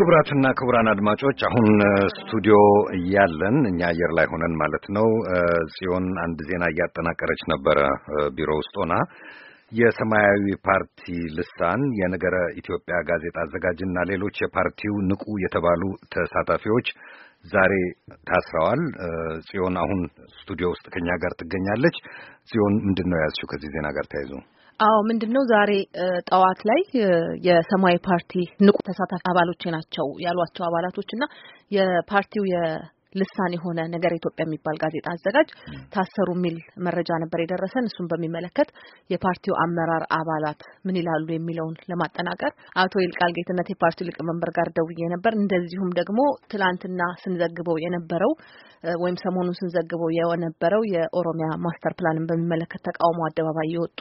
ክቡራትና ክቡራን አድማጮች አሁን ስቱዲዮ እያለን እኛ አየር ላይ ሆነን ማለት ነው። ጽዮን አንድ ዜና እያጠናቀረች ነበረ ቢሮ ውስጥ ሆና። የሰማያዊ ፓርቲ ልሳን፣ የነገረ ኢትዮጵያ ጋዜጣ አዘጋጅና ሌሎች የፓርቲው ንቁ የተባሉ ተሳታፊዎች ዛሬ ታስረዋል። ጽዮን አሁን ስቱዲዮ ውስጥ ከኛ ጋር ትገኛለች። ጽዮን ምንድን ነው ያዝሽው ከዚህ ዜና ጋር ተያይዞ? አዎ ምንድን ነው ዛሬ ጠዋት ላይ የሰማያዊ ፓርቲ ንቁ ተሳታፊ አባሎች ናቸው ያሏቸው አባላቶች እና የፓርቲው ልሳን የሆነ ነገር ኢትዮጵያ የሚባል ጋዜጣ አዘጋጅ ታሰሩ የሚል መረጃ ነበር የደረሰን። እሱን በሚመለከት የፓርቲው አመራር አባላት ምን ይላሉ የሚለውን ለማጠናቀር አቶ ይልቃል ጌትነት የፓርቲው ሊቀመንበር ጋር ደውዬ ነበር። እንደዚሁም ደግሞ ትላንትና ስንዘግበው የነበረው ወይም ሰሞኑን ስንዘግበው የነበረው የኦሮሚያ ማስተር ፕላንን በሚመለከት ተቃውሞ አደባባይ የወጡ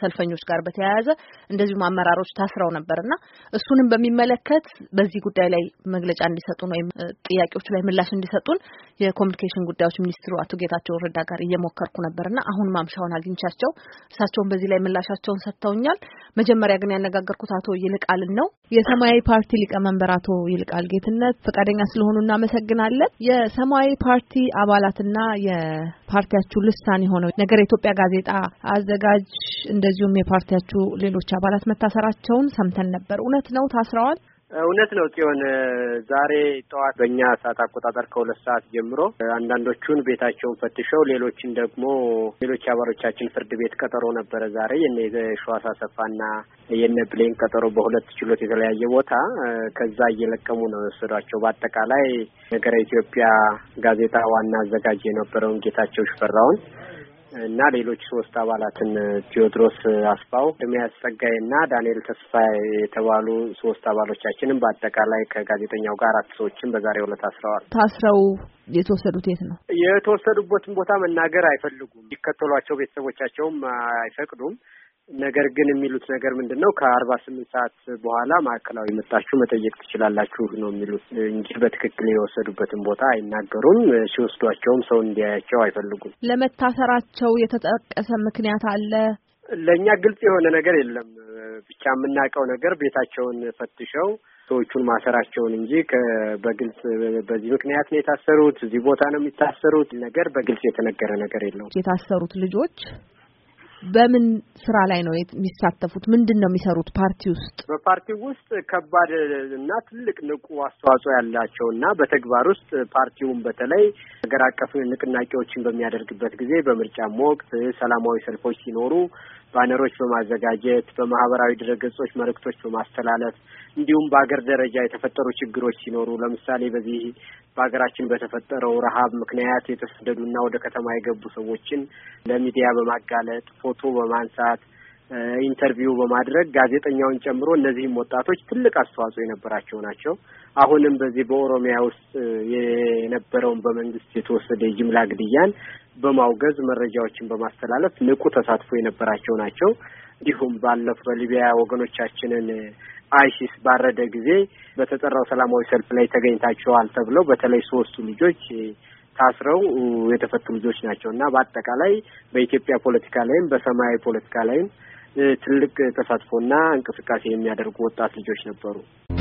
ሰልፈኞች ጋር በተያያዘ እንደዚሁም አመራሮች ታስረው ነበርና እሱንም በሚመለከት በዚህ ጉዳይ ላይ መግለጫ እንዲሰጡን ወይም ጥያቄዎቹ ላይ ምላሽ እንዲሰጡን የኮሚኒኬሽን ጉዳዮች ሚኒስትሩ አቶ ጌታቸው ረዳ ጋር እየሞከርኩ ነበርና አሁን ማምሻውን አግኝቻቸው እሳቸውን በዚህ ላይ ምላሻቸውን ሰጥተውኛል። መጀመሪያ ግን ያነጋገርኩት አቶ ይልቃልን ነው። የሰማያዊ ፓርቲ ሊቀመንበር አቶ ይልቃል ጌትነት ፈቃደኛ ስለሆኑ እናመሰግናለን። የሰማያዊ ፓርቲ አባላትና የፓርቲያችሁ ልሳን የሆነው ነገር የኢትዮጵያ ጋዜጣ አዘጋጅ እንደዚሁም የፓርቲያችሁ ሌሎች አባላት መታሰራቸውን ሰምተን ነበር። እውነት ነው? ታስረዋል? እውነት ነው ጽዮን። ዛሬ ጠዋት በእኛ ሰዓት አቆጣጠር ከሁለት ሰዓት ጀምሮ አንዳንዶቹን ቤታቸውን ፈትሸው ሌሎችን ደግሞ ሌሎች አባሎቻችን ፍርድ ቤት ቀጠሮ ነበረ ዛሬ የነ ሸዋስ አሰፋና የነ ብሌን ቀጠሮ በሁለት ችሎት የተለያየ ቦታ ከዛ እየለቀሙ ነው የወሰዷቸው። በአጠቃላይ ነገረ ኢትዮጵያ ጋዜጣ ዋና አዘጋጅ የነበረውን ጌታቸው ሽፈራውን እና ሌሎች ሶስት አባላትን ቴዎድሮስ አስፋው፣ ድሚያስ ጸጋይ እና ዳንኤል ተስፋ የተባሉ ሶስት አባሎቻችንም በአጠቃላይ ከጋዜጠኛው ጋር አራት ሰዎችን በዛሬው ዕለት አስረዋል። ታስረው የተወሰዱት የት ነው? የተወሰዱበትን ቦታ መናገር አይፈልጉም። ሊከተሏቸው ቤተሰቦቻቸውም አይፈቅዱም። ነገር ግን የሚሉት ነገር ምንድን ነው? ከአርባ ስምንት ሰዓት በኋላ ማዕከላዊ መጣችሁ መጠየቅ ትችላላችሁ ነው የሚሉት እንጂ በትክክል የወሰዱበትን ቦታ አይናገሩም። ሲወስዷቸውም ሰው እንዲያያቸው አይፈልጉም። ለመታሰራቸው የተጠቀሰ ምክንያት አለ? ለእኛ ግልጽ የሆነ ነገር የለም። ብቻ የምናውቀው ነገር ቤታቸውን ፈትሸው ሰዎቹን ማሰራቸውን እንጂ በግልጽ በዚህ ምክንያት ነው የታሰሩት፣ እዚህ ቦታ ነው የሚታሰሩት ነገር በግልጽ የተነገረ ነገር የለውም። የታሰሩት ልጆች በምን ስራ ላይ ነው የሚሳተፉት? ምንድን ነው የሚሰሩት? ፓርቲ ውስጥ በፓርቲ ውስጥ ከባድ እና ትልቅ ንቁ አስተዋጽኦ ያላቸው እና በተግባር ውስጥ ፓርቲውን በተለይ ሀገር አቀፍ ንቅናቄዎችን በሚያደርግበት ጊዜ በምርጫም ወቅት ሰላማዊ ሰልፎች ሲኖሩ ባነሮች በማዘጋጀት በማህበራዊ ድረገጾች መልእክቶች በማስተላለፍ እንዲሁም በሀገር ደረጃ የተፈጠሩ ችግሮች ሲኖሩ ለምሳሌ በዚህ በሀገራችን በተፈጠረው ረሀብ ምክንያት የተሰደዱና ወደ ከተማ የገቡ ሰዎችን ለሚዲያ በማጋለጥ ፎቶ በማንሳት ኢንተርቪው በማድረግ ጋዜጠኛውን ጨምሮ እነዚህም ወጣቶች ትልቅ አስተዋጽኦ የነበራቸው ናቸው። አሁንም በዚህ በኦሮሚያ ውስጥ የነበረውን በመንግስት የተወሰደ የጅምላ ግድያን በማውገዝ መረጃዎችን በማስተላለፍ ንቁ ተሳትፎ የነበራቸው ናቸው። እንዲሁም ባለፉ በሊቢያ ወገኖቻችንን አይሲስ ባረደ ጊዜ በተጠራው ሰላማዊ ሰልፍ ላይ ተገኝታቸዋል ተብለው በተለይ ሶስቱ ልጆች ታስረው የተፈቱ ልጆች ናቸው እና በአጠቃላይ በኢትዮጵያ ፖለቲካ ላይም በሰማያዊ ፖለቲካ ላይም ትልቅ ተሳትፎና እንቅስቃሴ የሚያደርጉ ወጣት ልጆች ነበሩ።